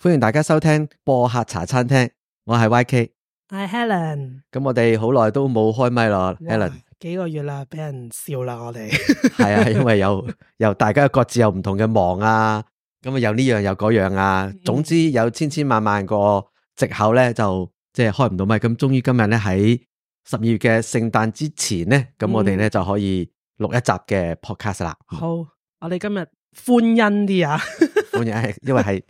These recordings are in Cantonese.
歡迎大家收聽播客茶餐廳，我係 YK，係 Helen。咁我哋好耐都冇開麥咯，Helen。幾個月啦，俾人笑啦，我哋。係啊，因為有有大家各自有唔同嘅忙啊，咁啊有呢樣又嗰樣啊，總之有千千萬萬個借口咧，就即係開唔到麥。咁終於今日咧，喺十二月嘅聖誕之前咧，咁我哋咧、嗯、就可以錄一集嘅 podcast 啦。好，嗯、我哋今日歡欣啲啊，歡欣，因為係。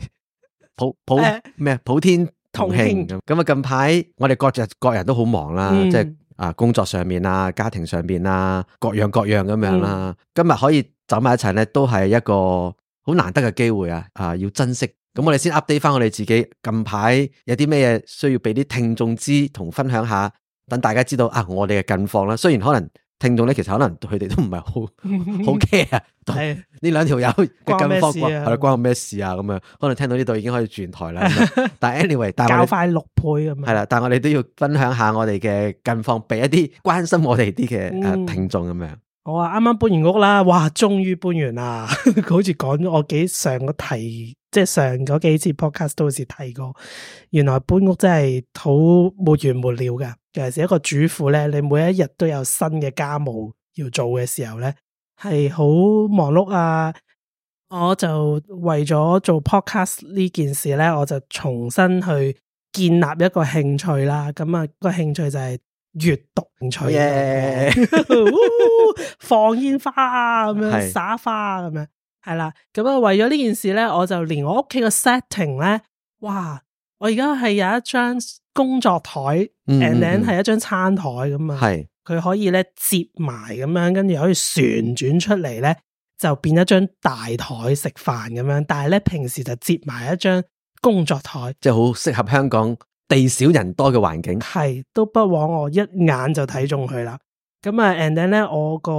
普普咩普天同慶咁咁啊！同情。近排我哋各人各人都好忙啦，嗯、即係啊工作上面啊家庭上面啊各樣各樣咁樣啦。嗯、今日可以走埋一齊咧，都係一個好難得嘅機會啊！啊，要珍惜。咁我哋先 update 翻我哋自己近排有啲咩嘢需要俾啲聽眾知同分享下，等大家知道啊，我哋嘅近況啦。雖然可能。聽眾咧，其實可能佢哋都唔係好好 care，係呢兩條友近況係咯，關我咩事啊？咁樣可能聽到呢度已經可以轉台啦。 但係 anyway，但係快六倍咁。係啦，但係我哋都要分享下我哋嘅近況，俾一啲關心我哋啲嘅聽眾咁、嗯、樣。我話啱啱搬完屋啦，哇，終於搬完啦！佢好似講咗我幾上個提，即係上嗰幾次 podcast 都好似提過，原來搬屋真係好冇完冇了噶。尤其是一個主婦咧，你每一日都有新嘅家務要做嘅時候咧，係好忙碌啊！我就為咗做 podcast 呢件事咧，我就重新去建立一個興趣啦。咁啊，個興趣就係閱讀興趣嘅，放 Yeah. 煙花啊，咁樣撒花咁樣，係啦。咁啊是，為咗呢件事咧，我就連我屋企嘅 setting 咧，哇！我而家係有一張工作台，and then 係一張餐台咁嘛，佢是可以咧接埋咁樣，跟住可以旋轉出嚟咧，就變一張大台食飯咁樣。但係咧平時就接埋一張工作台，即係好適合香港地少人多嘅環境。係，都不枉我一眼就睇中佢啦。咁啊，And then 咧，我個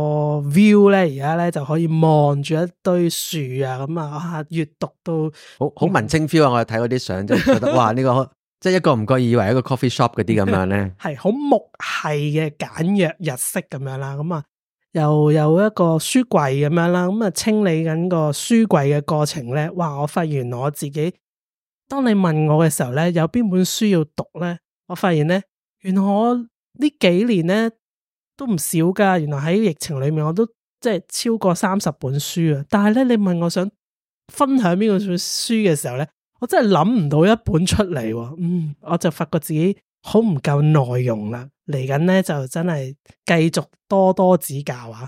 view 咧，而家咧就可以望住一堆樹啊，咁啊，下閱讀到好好文青 feel 啊，我睇嗰啲相就覺得 哇，呢、這個即係一個唔覺意以為一個 coffee shop 嗰啲咁樣咧，係好木係嘅簡約日式咁樣啦。咁啊，又有一個書櫃咁樣啦，咁啊清理緊個書櫃嘅過程咧，哇！我發現我自己，當你問我嘅時候咧，有邊本書要讀咧，我發現咧，原來我呢幾年咧。都唔少噶，原來喺疫情裏面，我都即係超過三十本書啊！但係咧，你問我想分享呢個書嘅時候咧，我真係諗唔到一本出嚟。嗯，我就發覺自己好唔夠內容啦。嚟緊咧就真係繼續多多指教啊！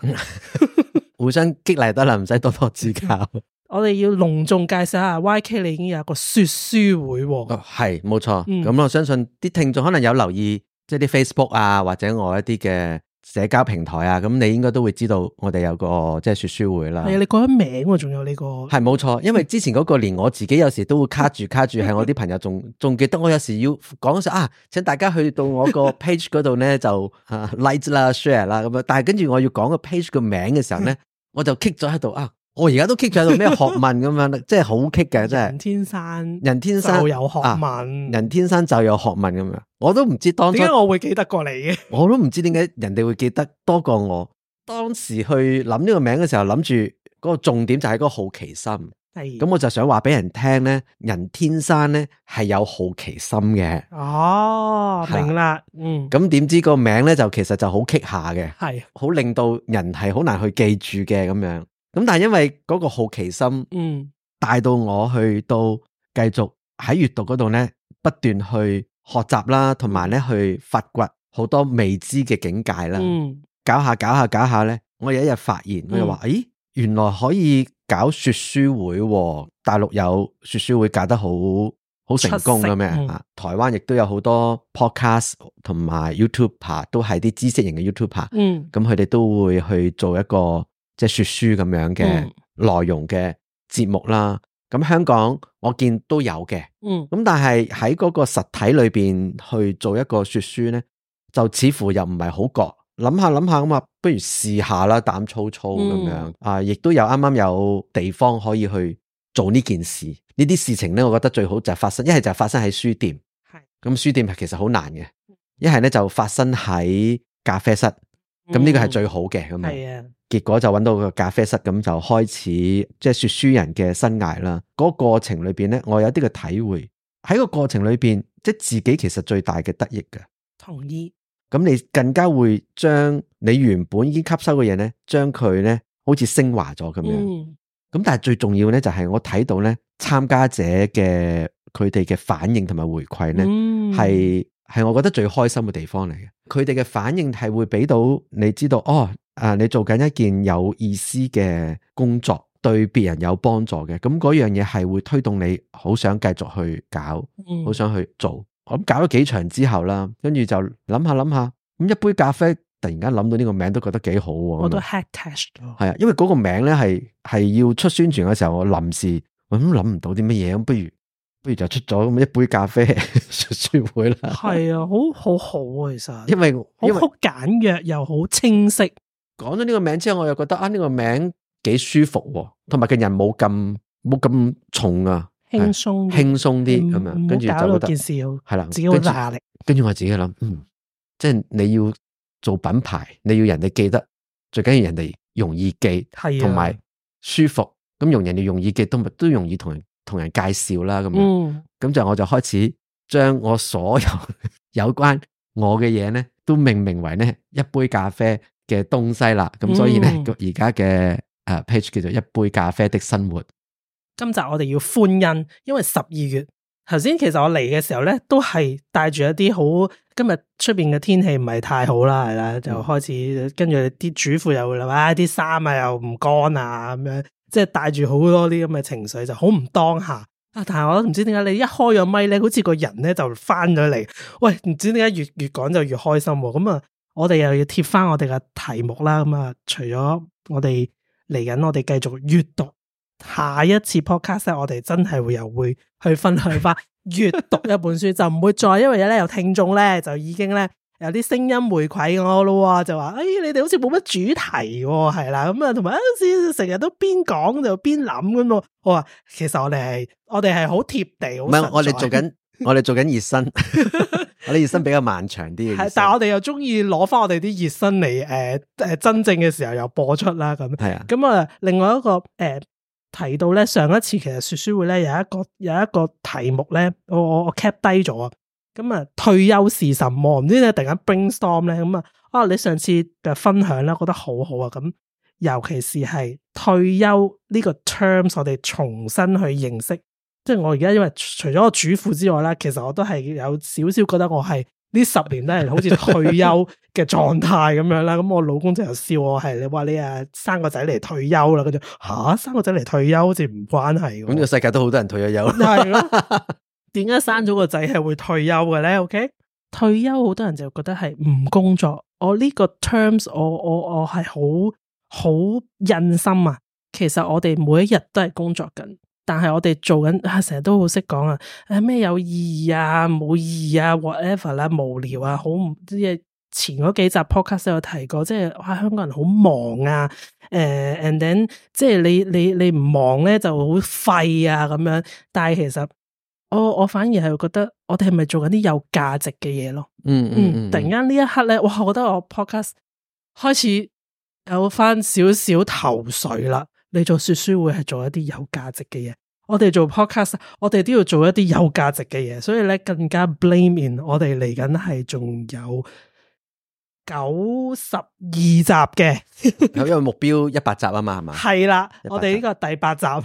互相激勵得啦，唔使多多指教。 我哋要隆重介紹下 YK，你已經有一個說書會。係、哦，冇錯。咁、嗯、我相信啲聽眾可能有留意，即、就、係、是、啲 Facebook 啊，或者我一啲嘅。社交平台啊，咁你應該都會知道我哋有個即係說書會啦。係啊，你講名我仲有呢個。係冇錯，因為之前嗰個連我自己有時都會卡住卡住，係我啲朋友仲仲記得，我有時要講嗰時啊，請大家去到我, page、啊 like、我個 page 嗰度咧就啊 like 啦 share 啦咁樣，但係跟住我要講個 page 個名嘅時候咧， 我就 kick 咗喺度啊。我而家都 keep 咗度咩學問咁樣咧，即係好棘嘅，即係。 人天生人天生就有學問，人天生就有學問咁樣，我都唔知當時點解我會記得過你嘅？ 我都唔知點解人哋會記得多過我。當時去諗呢個名嘅時候，諗住嗰個重點就係個好奇心。係咁的，我就想話俾人聽咧，人天生咧係有好奇心嘅。哦，明啦，嗯。咁點知個名咧就其實就好棘下嘅，係好的令到人係好難去記住嘅咁樣。咁但係因為嗰個好奇心，嗯，帶到我去到繼續喺閱讀嗰度咧，不斷去學習啦，同埋咧去發掘好多未知嘅境界啦。嗯，搞下搞下搞下咧，我有一日發現，我就話，誒、嗯，原來可以搞說書會、啊，大陸有說書會搞得好，好成功㗎咩？嗯、啊，台灣亦都有好多 podcast 同埋 YouTuber，都係啲知識型嘅 YouTuber。嗯，咁佢哋都會去做一個。即係說書咁樣嘅內、嗯、容嘅節目啦，咁香港我見都有嘅，咁、嗯、但係喺嗰個實體裏邊去做一個說書呢，就似乎又唔係好覺，諗下諗下咁啊，不如試下啦，膽粗粗咁樣，嗯、啊，亦都有啱啱有地方可以去做呢件事，呢啲事情呢，我覺得最好就發生，一係就發生喺書店，咁是書店係其實好難嘅，一係呢就發生喺咖啡室。咁呢個係最好嘅，咁啊、嗯，結果就揾到個咖啡室，咁就開始即係說書人嘅生涯啦。嗰、那個過程裏邊咧，我有啲嘅體會喺個過程裏邊，即係自己其實最大嘅得益㗎。同意。咁你更加會將你原本已經吸收嘅嘢咧，將佢咧好似升華咗咁樣。咁、嗯、但係最重要咧，就係我睇到咧，參加者嘅佢哋嘅反應同埋回饋咧，係係、嗯、我覺得最開心嘅地方嚟嘅。佢哋嘅反應係會俾到你知道，哦，啊，你做緊一件有意思嘅工作，對別人有幫助嘅，咁嗰樣嘢係會推動你好想繼續去搞，好想去做。咁、嗯、搞咗幾場之後啦，跟住就諗下諗下，咁一杯咖啡突然間諗到呢個名都覺得幾好喎。我都 head touch。係啊，因為嗰個名咧係係要出宣傳嘅時候，我臨時我諗諗唔到啲乜嘢。不如就出咗咁一杯咖啡舒書 會啦了，係啊，好好好啊，其實因為好簡約又好清晰。講咗呢個名之後，我又覺得啊，呢、這個名幾舒服，同埋個人冇咁冇咁重啊，輕鬆輕鬆啲咁樣，跟住別就覺得係啦，自己冇壓力。跟住我自己諗，嗯，即、就、係、是、你要做品牌，你要人哋記得，最緊要人哋容易記，係同埋舒服。咁容人哋容易記，都咪都容易同人。同人介紹啦，咁樣，咁就、嗯、我就開始將我所有有關我嘅嘢咧，都命名為咧一杯咖啡嘅東西啦。咁、嗯、所以咧，而家嘅誒 page 叫做一杯咖啡的生活。今集我哋要歡欣，因為十二月頭先，才其實我嚟嘅時候咧，都係帶住一啲好。今日出邊嘅天氣唔係太好啦，係啦、嗯，就開始跟住啲主婦又會話：，啊，啲衫啊又唔乾啊，咁樣。即係帶住好多啲咁嘅情緒，就好唔當下啊！但係我唔知點解你一開咗咪，咧，好似個人咧就翻咗嚟。喂，唔知點解越越講就越開心。咁啊，我哋又要貼翻我哋嘅題目啦。咁啊，除咗我哋嚟緊，我哋繼續閱讀下一次 podcast，我哋真係會又會去分享翻閱 讀一本書，就唔會再因為咧有聽眾咧就已經咧。有啲聲音回饋我咯，就話：哎，你哋好似冇乜主題喎，係啦。咁啊，同埋好似成日都邊講就邊諗咁。我話其實我哋係我哋係好貼地，唔係我哋做緊，我哋做緊 熱身， 我哋熱身比較漫長啲。係，但係我哋又中意攞翻我哋啲熱身嚟誒真正嘅時候又播出啦咁。係啊，咁啊的，另外一個誒、呃、提到咧，上一次其實說書會咧有一個有一個題目咧，我我我 cap 低咗啊。咁啊，退休是什麼？唔知你突然間 brainstorm 咧，咁啊，啊，你上次嘅分享咧，覺得好好啊。咁尤其是係退休呢個 terms，我哋重新去認識。即係我而家因為除咗我主婦之外呢，其實我都係有少少覺得我係呢十年都係好似退休嘅狀態咁樣啦。咁 我老公就又笑我係，話你啊生個仔嚟退休啦。跟住吓，生、啊、個仔嚟退休好似唔關係。咁呢個世界都好多人退咗休。係 點解生咗個仔係會退休嘅咧？OK，退休好多人就覺得係唔工作。我呢個 terms，我我我係好好印心啊。其實我哋每一日都係工作緊，但係我哋做緊啊，成日都好識講啊。誒咩有意義啊？冇意義啊？whatever 啦，無聊啊？好啲嘢。前嗰幾集 podcast 都有提過，即係、啊、香港人好忙啊。誒、啊，and then 即係你你你唔忙咧就好廢啊咁樣。但係其實。我我反而係會覺得我哋係咪做緊啲有價值嘅嘢咯？嗯嗯，突然間呢一刻咧，哇！我覺得我 podcast 開始有翻少少頭緒啦。你做說書會係做一啲有價值嘅嘢，我哋做 podcast，我哋都要做一啲有價值嘅嘢。所以咧，更加 blame in 我哋嚟緊係仲有九十二集嘅，有一 個目標一百集啊嘛，係嘛？係啦的，集我哋呢個，個第八集，好、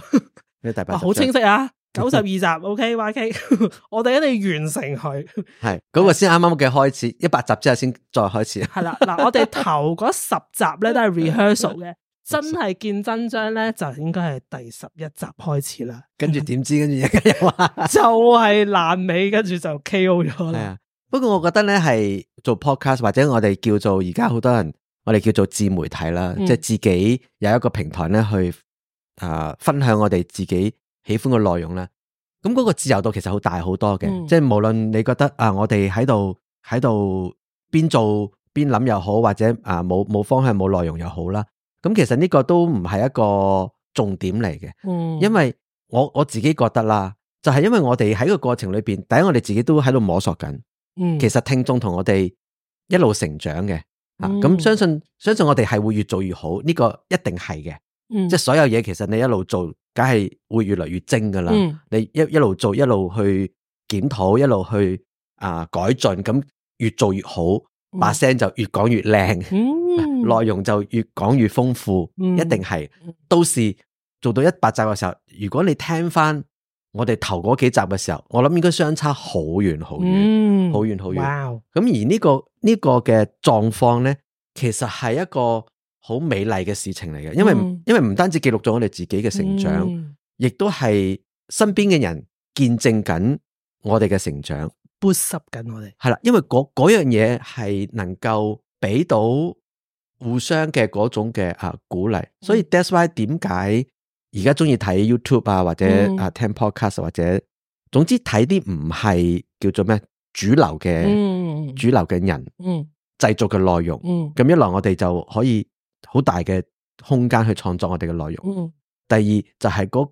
啊、清晰啊！九十二集，OK，YK， 我哋一定要完成佢。係嗰、那個先啱啱嘅開始，一百集之後先再開始。係 啦，嗱，我哋頭嗰十集咧都係 rehearsal 嘅， 真係見真章咧就應該係第十一集開始啦。跟住點知，跟住又又話就係爛尾，跟住就 KO 咗啦。係啊，不過我覺得咧係做 Podcast 或者我哋叫做而家好多人，我哋叫做自媒體啦，即係、嗯、自己有一個平台咧去啊分享我哋自己。喜歡嘅內容咧，咁嗰個自由度其實好大好多嘅，嗯、即係無論你覺得啊、呃，我哋喺度喺度邊做邊諗又好，或者啊冇冇方向冇內容又好啦，咁其實呢個都唔係一個重點嚟嘅，嗯、因為我我自己覺得啦，就係、是、因為我哋喺個過程裏邊，第一我哋自己都喺度摸索緊，嗯、其實聽眾同我哋一路成長嘅，嗯、啊咁相信相信我哋係會越做越好，呢、呢個一定係嘅，嗯、即係所有嘢其實你一路做。梗係會越嚟越精噶啦！嗯、你一一路做，一路去檢討，一路去啊、呃、改進，咁越做越好，把聲就越講越靚，嗯、內容就越講越豐富，嗯、一定係到時做到一百集嘅時候，如果你聽翻我哋頭嗰幾集嘅時候，我諗應該相差好遠好遠，好遠、嗯、好遠。哇！咁而呢、呢個呢、呢個嘅狀況咧，其實係一個。好美麗嘅事情嚟嘅，因為、嗯、因為唔單止記錄咗我哋自己嘅成長，亦、嗯、都係身邊嘅人見證緊我哋嘅成長 boost 緊我哋。係啦、嗯，因為嗰樣嘢係能夠俾到互相嘅嗰種嘅啊鼓勵，嗯、所以 that’s why 點解而家中意睇 YouTube 啊，或者聽啊聽 podcast、嗯、或者總之睇啲唔係叫做咩主流嘅、嗯、主流嘅人嗯製作嘅內容，咁、嗯、一來我哋就可以。好大嘅空間去創作我哋嘅內容。第二就係嗰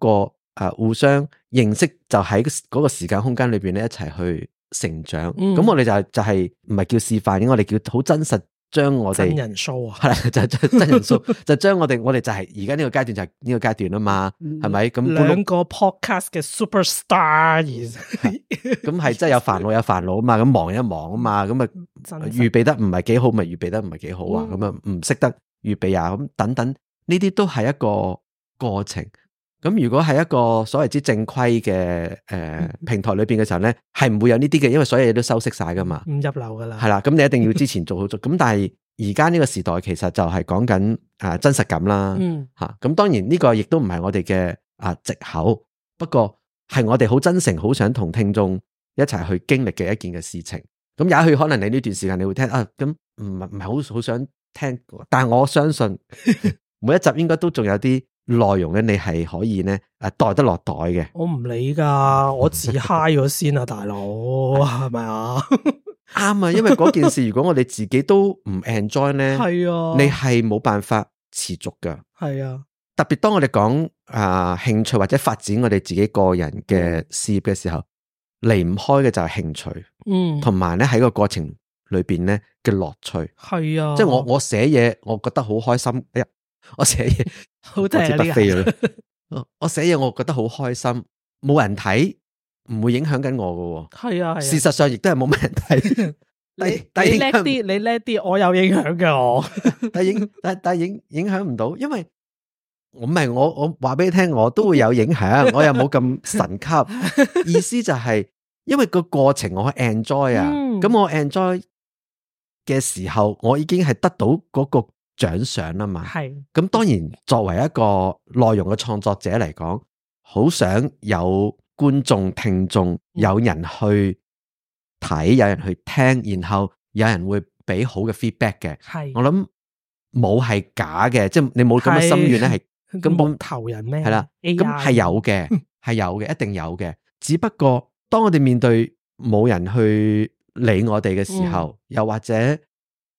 個誒互相認識，就喺嗰個時間空間裏邊咧一齊去成長、嗯。咁我哋就就係唔係叫示範應該，我哋叫好真實將我哋真人 show 啊，就是、真人 show， 就將我哋我哋就係而家呢個階段就係呢個階段啊嘛，係咪、嗯？咁兩個 podcast 嘅 superstars，咁係 係真有煩惱有煩惱啊嘛，咁忙一忙啊嘛，咁啊預備得唔係幾好咪實預備得唔係幾好啊，咁啊唔識得。預備啊，咁等等，呢啲都係一個過程。咁如果係一個所謂之正規嘅誒平台裏邊嘅時候咧，係唔會有呢啲嘅，因為所有嘢都修飾晒噶嘛。唔入流噶啦。係啦，咁你一定要之前做好足。咁 但係而家呢個時代其實就係講緊誒真實感啦。嗯。吓、啊，咁當然呢個亦都唔係我哋嘅啊藉口，不過係我哋好真誠好想同聽眾一齊去經歷嘅一件嘅事情。咁也許可能你呢段時間你會聽啊，咁唔係唔係好好想。聽，但係我相信每一集應該都仲有啲內容咧，你係可以咧誒， 帶得下袋得落袋嘅。我唔理噶，我自嗨咗先啊， 大佬係咪啊？啱 啊，因為嗰件事如果我哋自己都唔 enjoy 咧，係啊，你係冇辦法持續嘅。係 啊，特別當我哋講啊、呃、興趣或者發展我哋自己個人嘅事業嘅時候，離唔開嘅就係興趣。嗯，同埋咧喺個過程，裏邊咧嘅樂趣係啊，即係我我寫嘢，我覺得好開心。哎呀，我寫嘢好我寫嘢，我覺得好開心，冇人睇，唔會影響緊我噶。係啊，事實上亦都係冇咩人睇。你你叻啲，你叻啲，我有影響嘅我。但影但但影影響唔到，因為我唔係我我話俾你聽，我都會有影響，我又冇咁神級。意思就係因為個過程我 enjoy 啊，咁我 enjoy。嘅時候，我已經係得到嗰個獎賞吖嘛。係咁是，當然作為一個內容嘅創作者嚟講，好想有觀眾、聽眾，嗯、有人去睇，有人去聽，然後有人會俾好嘅 feedback 嘅。係是我諗冇係假嘅，是即係你冇咁嘅心願咧，係咁冇投人咩？係啦，咁係 AI 有嘅，係 有嘅，一定有嘅。只不過當我哋面對冇人去理我哋嘅時候，嗯、又或者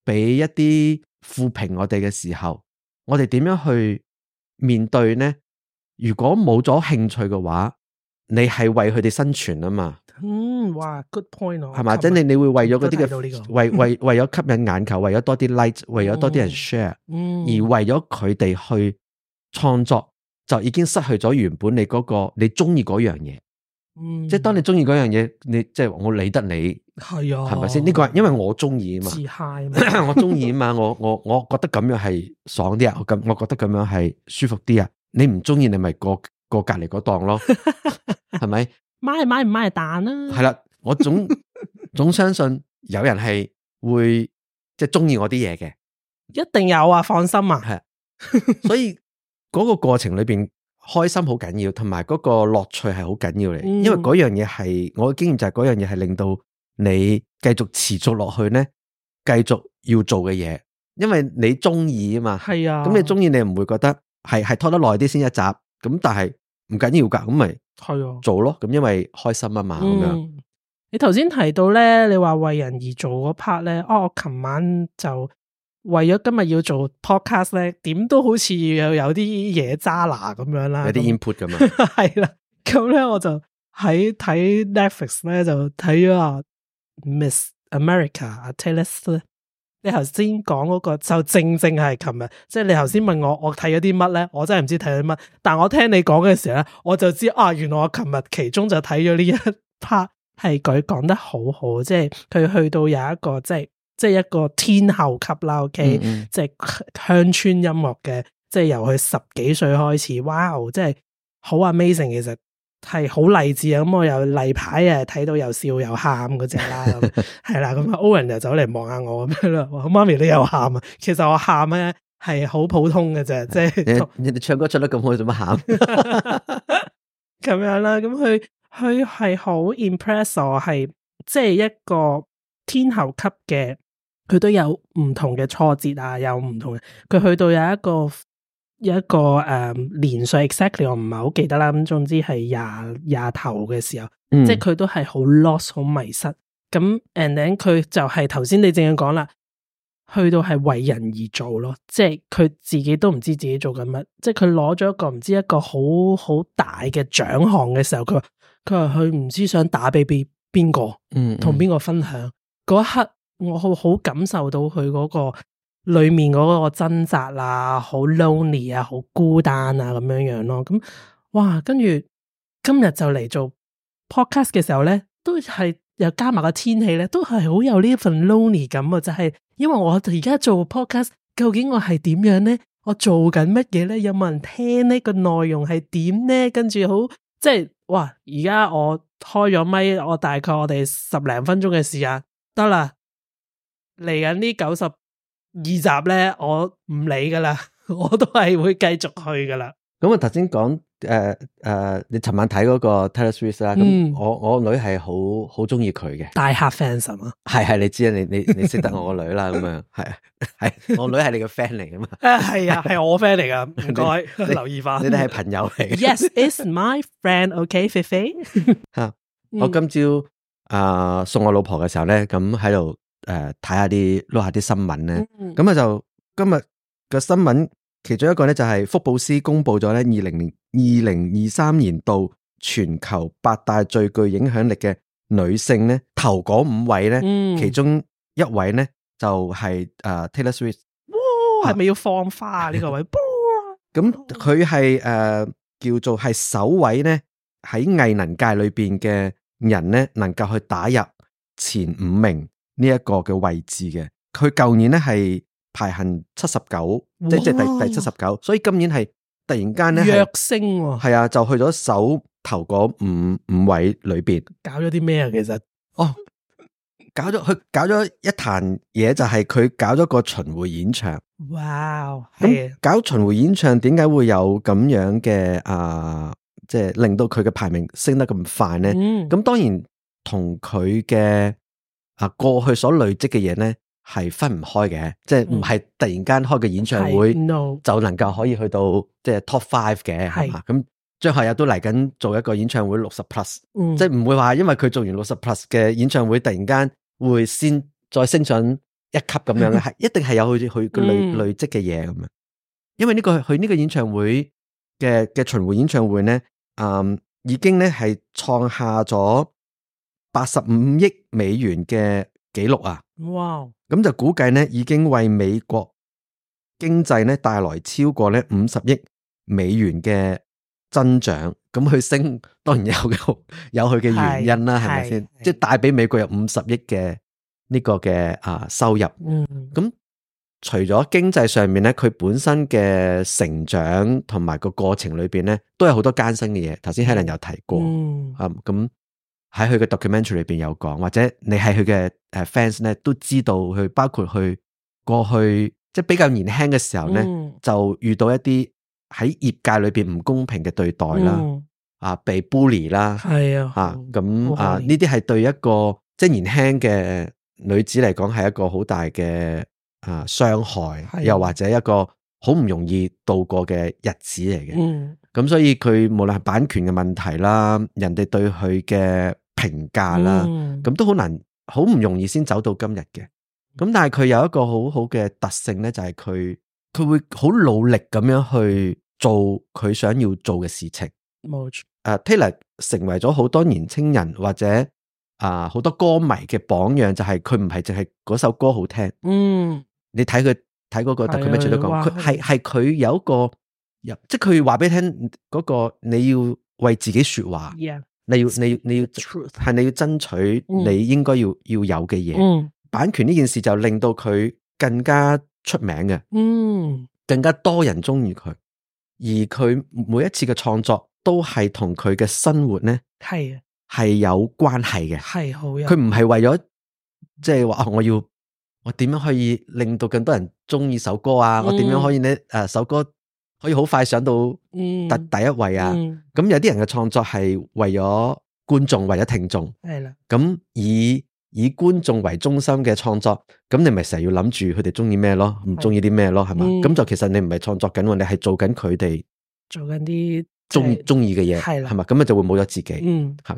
俾一啲負評我哋嘅時候，我哋點樣去面對呢？如果冇咗興趣嘅話，你係為佢哋生存啊嘛？嗯，哇，good point 係係嘛？即係你你會為咗嗰啲嘅為為為咗吸引眼球，為咗多啲 like，為咗多啲人 share，、嗯嗯、而為咗佢哋去創作，就已經失去咗原本你嗰、那個你中意嗰樣嘢。嗯、即係當你中意嗰樣嘢，你即係我理得你係啊，係咪先？呢、呢個因為我中意啊嘛，自嗨嘛，我中意啊嘛，我我我覺得咁樣係爽啲啊，我咁我覺得咁樣係舒服啲啊。你唔中意，你咪過過隔籬嗰檔咯，係咪 吧？買買唔買，買蛋啊？係啦，我總總相信有人係會即係中意我啲嘢嘅，一定有啊，放心啊。係， 所以嗰個過程裏邊。開心好緊要，同埋嗰個樂趣係好緊要嚟，因為嗰樣嘢係我嘅經驗就係嗰樣嘢係令到你繼續持續落去咧，繼續要做嘅嘢，因為你中意啊嘛。係啊，咁你中意你唔會覺得係係拖得耐啲先一集，咁但係唔緊要噶，咁咪係做咯，咁、啊、因為開心啊嘛，咁、嗯、樣。你頭先提到咧，你話為人而做嗰 part 咧，哦，我琴晚就。為咗今日要做 podcast 咧，點都好似要有啲嘢渣拿咁樣啦，有啲 input 咁啊！係啦， 咁咧我就喺睇 Netflix 咧，就睇咗 Miss America 啊 Taylor，你頭先講嗰個就正正係琴日，即、就、係、是、你頭先問我我睇咗啲乜咧，我真係唔知睇咗乜。但係我聽你講嘅時候咧，我就知道啊，原來我琴日其中就睇咗呢一 part 係佢講得好好，即係佢去到有一個即係。就是即係一個天后級啦，OK，嗯嗯即係鄉村音樂嘅，即係由佢十幾歲開始，哇、wow!，即係好 amazing，其實係好勵志啊！咁、嗯、我又例牌啊，睇到又笑又喊嗰隻啦，係啦，咁阿 Owen 就走嚟望下我咁樣咯。咁媽咪都有喊啊？ 其實我喊咧係好普通嘅啫，即係人哋唱歌唱得咁好，做乜喊？咁 樣啦，咁佢佢係好 impressive 係係即係一個天后級嘅。佢都有唔同嘅挫折啊，有唔同嘅，佢去到有一個有一個誒、嗯、年歲，exactly 我唔係好記得啦。咁總之係廿廿頭嘅時候，嗯、即係佢都係好 lost，好迷失。咁 and then 佢就係頭先你正講啦，去到係為人而做咯，即係佢自己都唔知自己做緊乜。即係佢攞咗一個唔知一個好好大嘅獎項嘅時候，佢佢話佢唔知想打俾邊邊個，嗯，嗯，同邊個分享嗰一刻。我好好感受到佢嗰、嗰個裏面嗰個掙扎啊，好 lonely 啊，好孤單啊，咁樣樣咯。咁哇，跟住今日就嚟做 podcast 嘅時候呢，都係又加埋個天氣呢，都係好有呢一份 lonely 感啊、就是！就係因為我而家做 podcast，究竟我係點樣呢？我做緊乜嘢呢？有冇人聽呢？個內容係點呢？跟住好即係哇！而家我開咗咪，我大概我哋十零分鐘嘅時間得啦。嚟緊呢九十二集咧，我唔理噶啦，我都係會繼續去噶啦。咁啊，頭先講誒誒，你尋晚睇嗰個 Taylor Swift 啦，咁我我女係好好中意佢嘅大客 fans 啊，係係你知啊，你你你識得我個女啦，咁樣係係我女係你個 friend 嚟啊嘛，係啊係我 friend 嚟噶，唔該，留意返，你哋係朋友嚟嘅。 Yes，is my friend，OK，、okay，菲菲。 吓，我今朝啊、呃、送我老婆嘅時候咧，咁喺度。誒，睇下啲碌下啲新聞咧，咁啊就今日嘅新聞其中一個咧就係福布斯公布咗咧二零二零二三年度全球八大最具影響力嘅女性咧，頭嗰五位咧，其中一位咧就係誒 Taylor Swift，哇，係咪要放花啊呢個位？咁佢係誒叫做係首位咧喺藝能界裏邊嘅人咧，能夠去打入前五名。呢一個嘅位置嘅，佢舊年咧係排行七十九，即係即係第第七十九，所以今年係突然間咧躍升、啊，係啊，就去咗手頭嗰五五位裏邊。搞咗啲咩啊？其實哦，搞咗佢搞咗一壇嘢，就係、是、佢搞咗個巡回演唱。哇，咁搞巡回演唱，點解會有咁樣嘅啊？即、就、係、是、令到佢嘅排名升得咁快咧？咁、嗯、當然同佢嘅。啊，過去所累積嘅嘢咧，係分唔開嘅，嗯、即係唔係突然間開個演唱會就能夠可以去到即係 top five 嘅，係嘛是？咁張學友都嚟緊做一個演唱會六十 plus，即係唔會話因為佢做完六十 plus 嘅演唱會，突然間會先再升上一級咁樣咧，係 一定係有佢佢累、嗯、累積嘅嘢咁啊。因為呢、這個佢呢個演唱會嘅嘅巡迴演唱會咧，嗯，已經咧係創下咗。八十五億美元嘅紀錄啊！哇，咁就估計咧，已經為美國經濟咧帶來超過咧五十億美元嘅增長。咁佢升當然有有佢嘅原因啦、啊，係咪先？即係吧的帶俾美國有五十億嘅呢、這個嘅啊收入。嗯、mm.，咁除咗經濟上面咧，佢本身嘅成長同埋個過程裏邊咧，都有好多艱辛嘅嘢。頭先 Helen 有提過啊，咁、mm. 嗯。喺佢嘅 documentary 裏邊有講，或者你係佢嘅誒 fans 咧，都知道佢包括佢過去即係比較年輕嘅時候咧，嗯、就遇到一啲喺業界裏邊唔公平嘅對待啦，嗯、啊被 bully 啦，係的啊，好啊咁啊呢啲係對一個即係年輕嘅女子嚟講係一個好大嘅啊傷害，的又或者一個好唔容易度過嘅日子嚟嘅。咁、嗯、所以佢無論係版權嘅問題啦，人哋對佢嘅。評價啦，咁、嗯、都好難，好唔容易先走到今日嘅。咁但係佢有一個好好嘅特性咧，就係佢佢會好努力咁樣去做佢想要做嘅事情。冇錯。誒，uh，Taylor 成為咗好多年輕人或者啊，呃，好多歌迷嘅榜樣，就係佢唔係淨係嗰首歌好聽。嗯，你睇佢睇嗰個，佢咩、嗯？嘢都講，佢係係佢有一個，即係佢話俾你聽嗰個，你要為自己說話。嗯你要你要你要出係，你要爭取你應該要、嗯、要有嘅嘢，版權呢件事就令到佢更加出名嘅，嗯，更加多人中意佢，而佢每一次嘅創作都係同佢嘅生活咧，係啊係有關係嘅，係好，佢唔係為咗即係話我要我點樣可以令到更多人中意首歌啊，嗯、我點樣可以咧誒、呃、首歌。可以好快上到第第一位啊！咁、嗯嗯、有啲人嘅創作係為咗觀眾，為咗聽眾，係啦、嗯。咁以以觀眾為中心嘅創作，咁你咪成日要諗住佢哋中意咩咯？唔中意啲咩咯？係嘛？咁就其實你唔係創作緊，我你係做緊佢哋做緊啲、就是、中中意嘅嘢，係啦的，係嘛？咁啊就會冇咗自己。嗯，吓，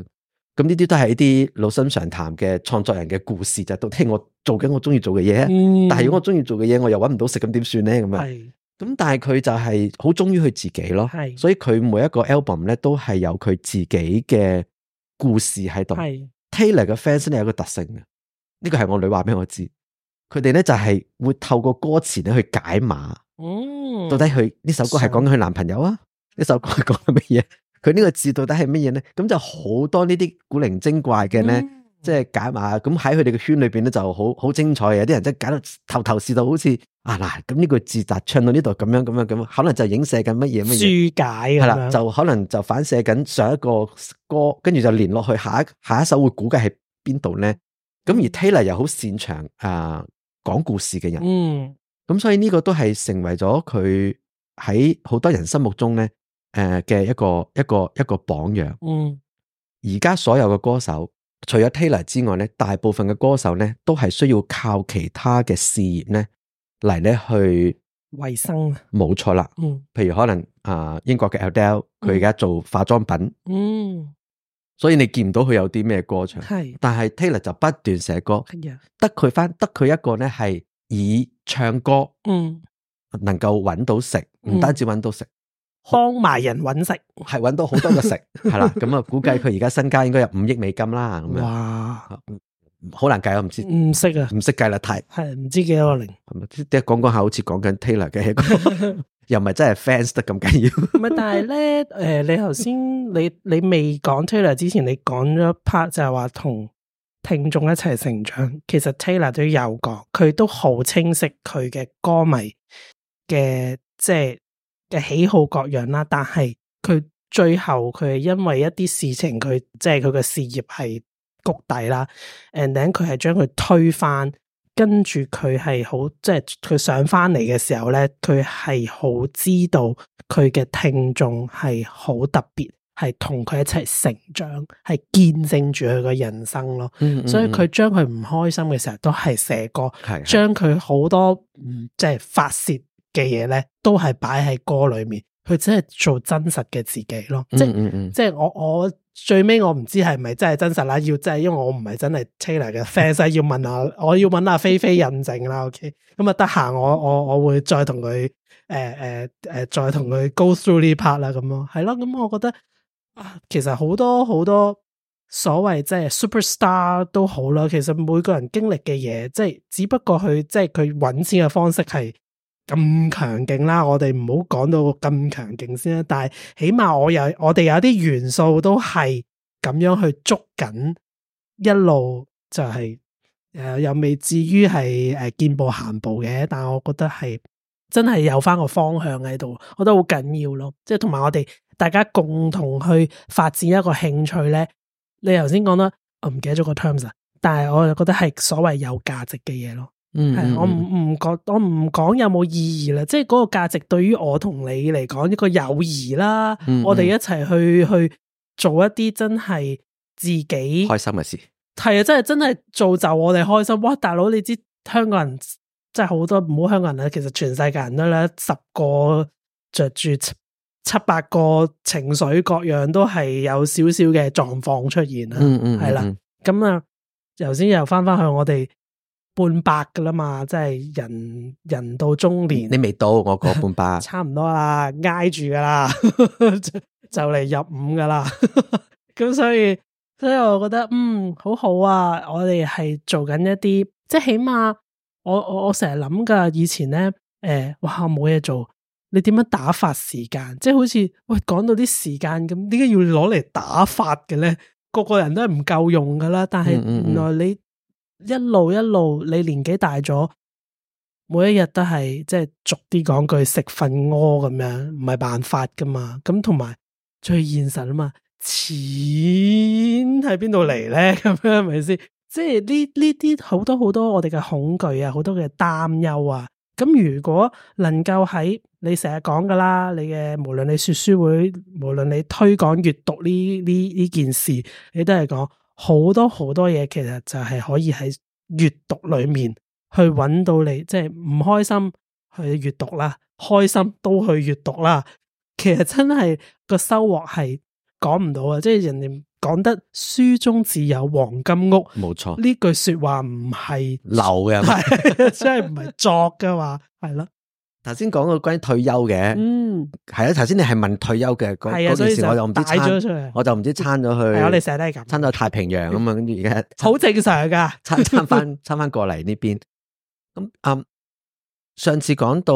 咁呢啲都係一啲老生常談嘅創作人嘅故事，就係都聽我做緊我中意做嘅嘢。嗯、但係如果我中意做嘅嘢，我又搵唔到食，咁點算咧？咁啊。咁但係佢就係好忠於佢自己咯，是所以佢每一個 album 咧都係有佢自己嘅故事喺度。是 Taylor 嘅 fans 呢有個特性嘅，呢、呢個係我女話俾我知，佢哋咧就係會透過歌詞咧去解碼，嗯、到底佢呢首歌係講緊佢男朋友啊，呢、嗯、首歌係講緊乜嘢？佢呢、嗯、個字到底係乜嘢咧？咁就好多呢啲古靈精怪嘅咧。嗯即係解碼，咁喺佢哋嘅圈裏邊咧就好好精彩，有啲人即係解到頭頭是道，好似啊嗱，咁、這、呢個字達唱到呢度咁樣咁樣咁，可能就影射緊乜嘢乜嘢，書解，係啦，就可能就反射緊上一個歌，跟住就連落去下一下一首會估計係邊度咧？咁而 Taylor 又好擅長啊講、呃、故事嘅人，嗯，咁所以呢個都係成為咗佢喺好多人心目中咧誒嘅一個一個一個榜樣，嗯，而家所有嘅歌手。除咗 Taylor 之外咧，大部分嘅歌手咧都係需要靠其他嘅事業咧嚟咧去維生。冇錯啦，嗯，譬如可能啊、呃、英國嘅 Elle 佢而家做化妝品，嗯，所以你見唔到佢有啲咩歌唱，係是，但係 Taylor 就不斷寫歌，的得佢翻，得佢一個咧係以唱歌，嗯，能夠搵到食，唔單止搵到食。嗯幫埋人揾食，係揾到好多嘅食，係 啦。咁啊，估計佢而家身家應該有五億美金啦。咁樣，哇，好、嗯、難計，我唔知，唔識啊，唔識計啦，太係唔知幾多個零。咁啊，即係講講下，好似講緊 Taylor 嘅一個，又唔係真係 fans 得咁緊要。咪 但係咧，誒、呃，你頭先你你未講 Taylor 之前，你講咗一 part 就係話同聽眾一齊成長。其實 Taylor 都有講，佢都好清晰佢嘅歌迷嘅即係。就是嘅喜好各樣啦，但係佢最後佢因為一啲事情，佢即係佢嘅事業係谷底啦。And then 佢係將佢推翻，跟住佢係好即係佢上翻嚟嘅時候咧，佢係好知道佢嘅聽眾係好特別，係同佢一齊成長，係見證住佢嘅人生咯。Mm hmm. 所以佢將佢唔開心嘅時候都係寫歌，將佢好多、嗯、即係發洩。嘅嘢咧，都係擺喺歌裏面，佢只係做真實嘅自己咯。嗯嗯嗯，即係即係我我最尾，我唔知係咪真係真實啦，要即係因為我唔係真係 Taylor 嘅 fans， 要問下，我要問阿菲菲印證啦。OK，咁啊得閒我我我會再同佢誒誒誒再同佢 go through 呢 part 啦。咁咯係咯，咁我覺得啊，其實好多好多所謂即係 superstar 都好啦。其實每個人經歷嘅嘢，即係只不過佢即係佢揾錢嘅方式係。咁強勁啦，我哋唔好講到咁強勁先啦。但係起碼我有我哋有啲元素都係咁樣去捉緊，一路就係、是、誒、呃、又未至於係誒、呃、見步行步嘅。但係我覺得係真係有翻個方向喺度，我覺得好緊要咯。即係同埋我哋大家共同去發展一個興趣呢，你頭先講得我唔記得咗個 terms 啊，但係我又覺得係所謂有價值嘅嘢咯。嗯，嗯，嗯，係，我唔唔覺，我唔講有冇意義啦，即係嗰個價值對於我同你嚟講一個友誼啦，嗯嗯我哋一齊去去做一啲真係自己開心嘅事，係啊，真係真係造就我哋開心。哇，大佬你知香港人即係好多唔好香港人啊，其實全世界人都咧十個穿着住七,七八個情緒各樣都係有少少嘅狀況出現啦，嗯嗯，嗯，嗯是，係啦，咁啊，頭先又翻翻去我哋。半百噶啦嘛，即係人人到中年。你未到，我過半百， 差唔多啦，挨住噶啦， 就嚟入五噶啦。咁 所以，所以我覺得嗯，好好啊。我哋係做緊一啲，即係起碼，我我我成日諗噶，以前咧，誒、呃，哇，冇嘢做，你點樣打發時間？即係好似喂，講到啲時間咁，點解要攞嚟打發嘅咧？個個人都係唔夠用噶啦，但係原來你。嗯嗯一路一路，你年紀大咗，每一日都係即係逐啲講句食瞓屙咁樣，唔係辦法噶嘛。咁同埋最現實啊嘛，錢喺邊度嚟？呢咁樣係咪先？即係呢呢啲好多好多我哋嘅恐懼啊，好多嘅擔憂啊。咁如果能夠喺你成日講噶啦，你嘅無論你說書會，無論你推廣閱讀呢呢呢件事，你都係講。好多好多嘢，其實就係可以喺閱讀裏面去揾到你，即係唔開心去閱讀啦，開心都去閱讀啦。其實真係個收穫係講唔到啊！即係人哋講得書中自有黃金屋，冇錯，呢句說話唔係流嘅，係即係唔係作嘅話，係咯。頭先講到關於退休嘅，嗯，係啊，頭先你係問退休嘅嗰嗰陣時，我就唔知撐去，我就唔知撐咗去，係我哋成日都係咁，撐到太平洋咁嘛，跟住而家好正常噶，撐，撐翻，撐翻過嚟呢邊。咁、嗯、啊，上次講到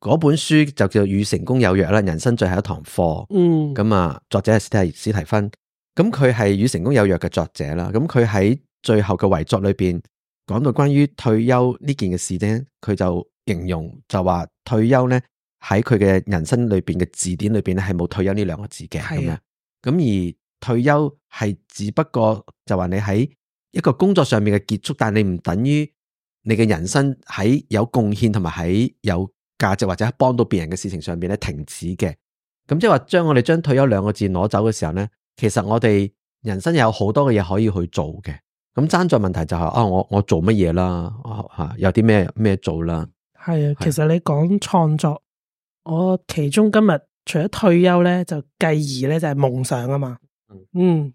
嗰本書就叫《與成功有約》啦，人生最後一堂課。嗯，咁啊，作者係史提史提芬，咁佢係《與成功有約》嘅作者啦。咁佢喺最後嘅遺作裏邊講到關於退休呢件嘅事呢，佢就。形容就話退休呢，喺佢嘅人生裏邊嘅字典裏邊咧係冇退休呢兩個字嘅咁的樣，咁而退休係只不過就話你喺一個工作上面嘅結束，但你唔等於你嘅人生喺有貢獻同埋喺有價值或者幫到別人嘅事情上面咧停止嘅。咁即係話將我哋將退休兩個字攞走嘅時候呢，其實我哋人生有好多嘅嘢可以去做嘅。咁爭在問題就係、是、啊、哦，我我做乜嘢啦？吓、哦、有啲咩咩做啦？係啊，其實你講創作，啊、我其中今日除咗退休咧，就繼而咧就係夢想啊嘛。嗯，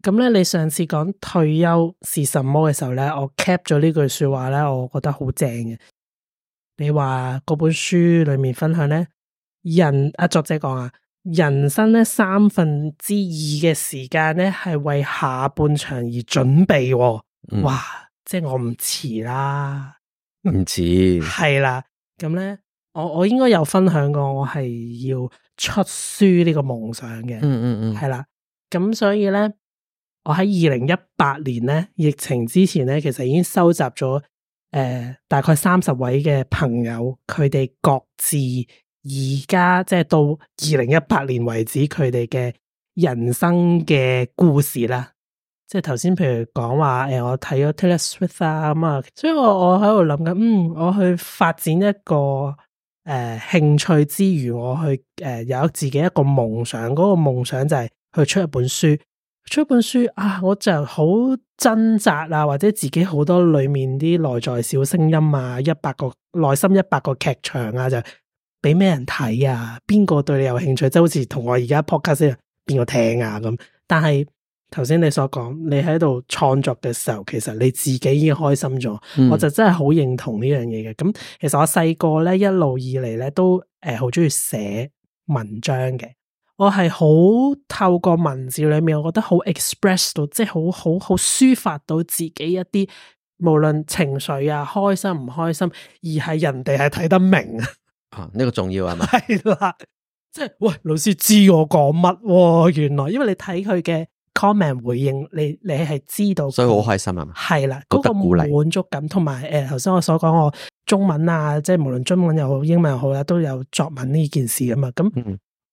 咁咧你上次講退休是什麼嘅時候咧，我 cap 咗呢句說話咧，我覺得好正嘅。你話嗰本書裡面分享咧，人啊作者講啊，人生咧三分之二嘅時間咧係為下半場而準備，啊。嗯、哇，即係我唔遲啦。唔止係啦，咁咧， 我我應該有分享過，我係要出書呢個夢想嘅，嗯嗯嗯，係啦，咁所以咧，我喺二零一八年咧，疫情之前咧，其實已經收集咗誒、呃、大概三十位嘅朋友，佢哋各自而家即係到二零一八年為止，佢哋嘅人生嘅故事啦。即係頭先，譬如講話誒，我睇咗《Taylor Swift》啊，咁啊，所以我我喺度諗緊，嗯，我去發展一個誒、呃、興趣之餘，我去誒、呃、有自己一個夢想。嗰、那個夢想就係去出一本書，出一本書啊，我就好掙扎啊，或者自己好多裏面啲內在小聲音啊，一百個內心一百個劇場啊，就俾咩人睇啊？邊個對你有興趣？即係好似同我而家 podcast 邊個聽啊咁，但係。頭先你所講，你喺度創作嘅時候，其實你自己已經開心咗。嗯、我就真係好認同呢樣嘢嘅。咁其實我細個咧一路以嚟，咧都誒好中意寫文章嘅。我係好透過文字裏面，我覺得好 express 到，即係好好好抒發到自己一啲無論情緒啊，開心唔開心，而係人哋係睇得明啊。啊，呢個重要係嘛？係啦， 即係喂，老師知我講乜、啊？原來因為你睇佢嘅。Comment 回應你，你係知道，所以好開心啊！係啦的，嗰個滿足感同埋誒，頭先、呃、我所講我中文啊，即係無論中文又好英文又好啦，都有作文呢件事啊嘛。咁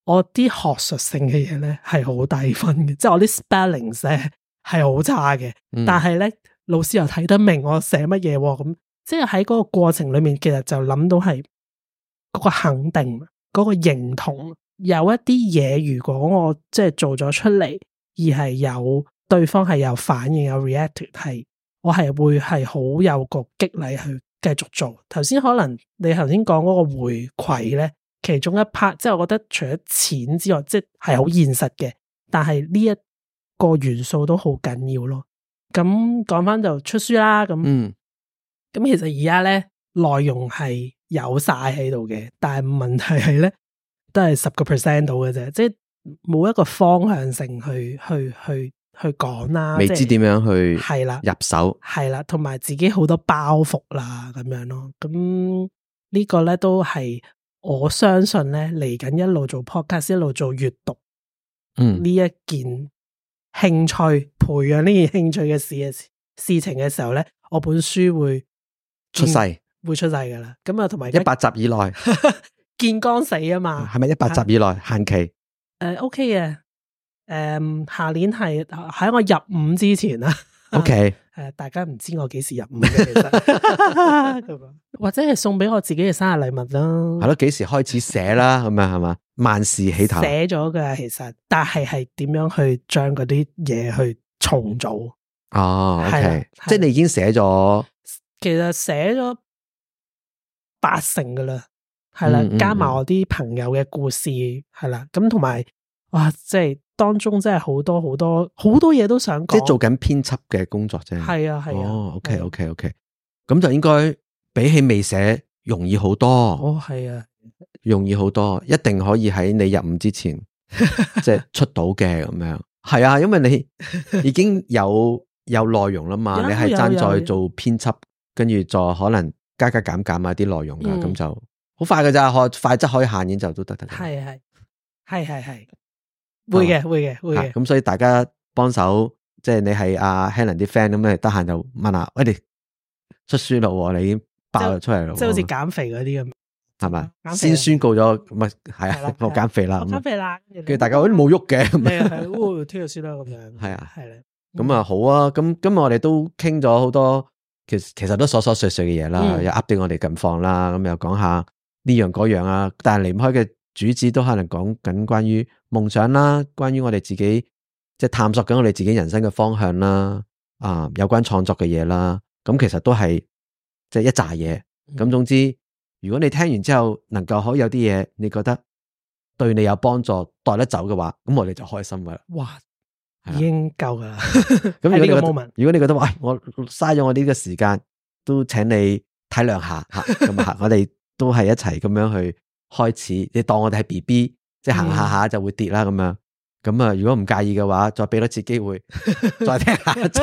我啲學術性嘅嘢咧係好低分嘅，嗯、即係我啲 spelling 咧係好差嘅。嗯、但係咧老師又睇得明我寫乜嘢，咁即係喺嗰個過程裏面，其實就諗到係嗰個肯定，嗰、嗰個認同。有一啲嘢，如果我即係做咗出嚟，而係有對方係有反應有 reactive，係我係會係好有個激勵去繼續做。頭先可能你頭先講嗰個回饋咧，其中一 part 即係我覺得除咗錢之外，即係好現實嘅，但係呢一個元素都好緊要咯。咁講翻就出書啦，咁，咁，嗯，其實而家咧內容係有晒喺度嘅，但係問題係咧都係十個 percent 到嘅啫，即係。冇一個方向性去去去去講啦，未知點樣去係啦，入手係啦，同埋自己好多包袱啦咁樣咯。咁、這個、呢個咧都係我相信咧，嚟緊一路做 podcast，一路做閱讀，嗯，呢一件興趣培養呢件興趣嘅事事情嘅時候咧，我本書會出世，嗯，會出世噶啦。咁啊，同埋一百集以內 見光死啊嘛，係咪一百集以內、啊、限期？誒、uh,，OK 嘅，誒、um,，下年係喺我入伍之前啦。 OK，誒，uh, 大家唔知我幾時入伍嘅，其實 或者係送俾我自己嘅生日禮物咯。係咯，幾時開始寫啦？咁樣，係嘛？萬事起頭。寫咗嘅其實，但係係點樣去將嗰啲嘢去重組、oh, okay. 啊？哦，係，即係你已經寫咗，其實寫咗八成噶啦。係啦，加埋我啲朋友嘅故事，係啦、嗯嗯嗯，咁同埋，哇，即係當中真係好多好多好多嘢都想即係做緊編輯嘅工作啫。係啊，係啊。哦，OK，OK，OK，、okay, okay, 的 okay, 咁、okay. 就應該比起未寫容易好多。哦，係啊，容易好多，一定可以喺你入伍之前 即係出到嘅咁樣。係啊，因為你已經有 有內容啦嘛，你係爭在做編輯，跟住再可能加加減減啊啲內容㗎。咁就、嗯。好快嘅咋？可快則可以下演就都得得。係係係係係，會嘅會嘅會嘅。咁所以大家幫手，即係你係阿 Helen 啲 friend 咁咧，得閒就問下，喂，你出書咯，你爆咗出嚟咯。即係好似減肥嗰啲咁，係咪先宣告咗？咁係係啊，我減肥啦，減肥啦。跟住大家好似冇喐嘅，咩啊？烏條先啦，咁樣係啊係。咁啊好啊，咁今日我哋都傾咗好多，其實其實都瑣瑣碎碎嘅嘢啦，又 update 我哋近況啦，咁又講下。呢樣嗰樣啊，但係離唔開嘅主旨都可能講緊關於夢想啦，關於我哋自己即係探索緊我哋自己人生嘅方向啦，啊，有關創作嘅嘢啦，咁其實都係即係一紮嘢。咁、嗯、總之，如果你聽完之後能夠可以有啲嘢，你覺得對你有幫助，帶得走嘅話，咁我哋就開心噶啦。哇，已經吧夠噶啦。咁 如果你覺得，如果你覺得話，我嘥咗我呢個時間，都請你體諒下，咁啊，我哋。 都係一齊咁樣去開始，你當我哋係 BB，即係行下下就會跌啦咁樣。咁啊，如果唔介意嘅話，再俾多次機會，再聽下一集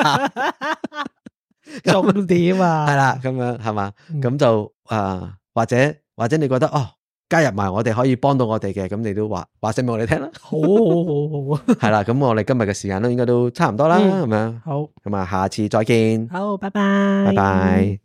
重點啊。係啦，咁樣係嘛，咁就啊，或者或者你覺得哦，加入埋我哋可以幫到我哋嘅，咁你都話話聲俾我哋聽啦。好，好好好啊。係啦，咁我哋今日嘅時間咧，應該都差唔多啦，咁樣。好，咁啊，下次再見。好，拜拜。拜拜。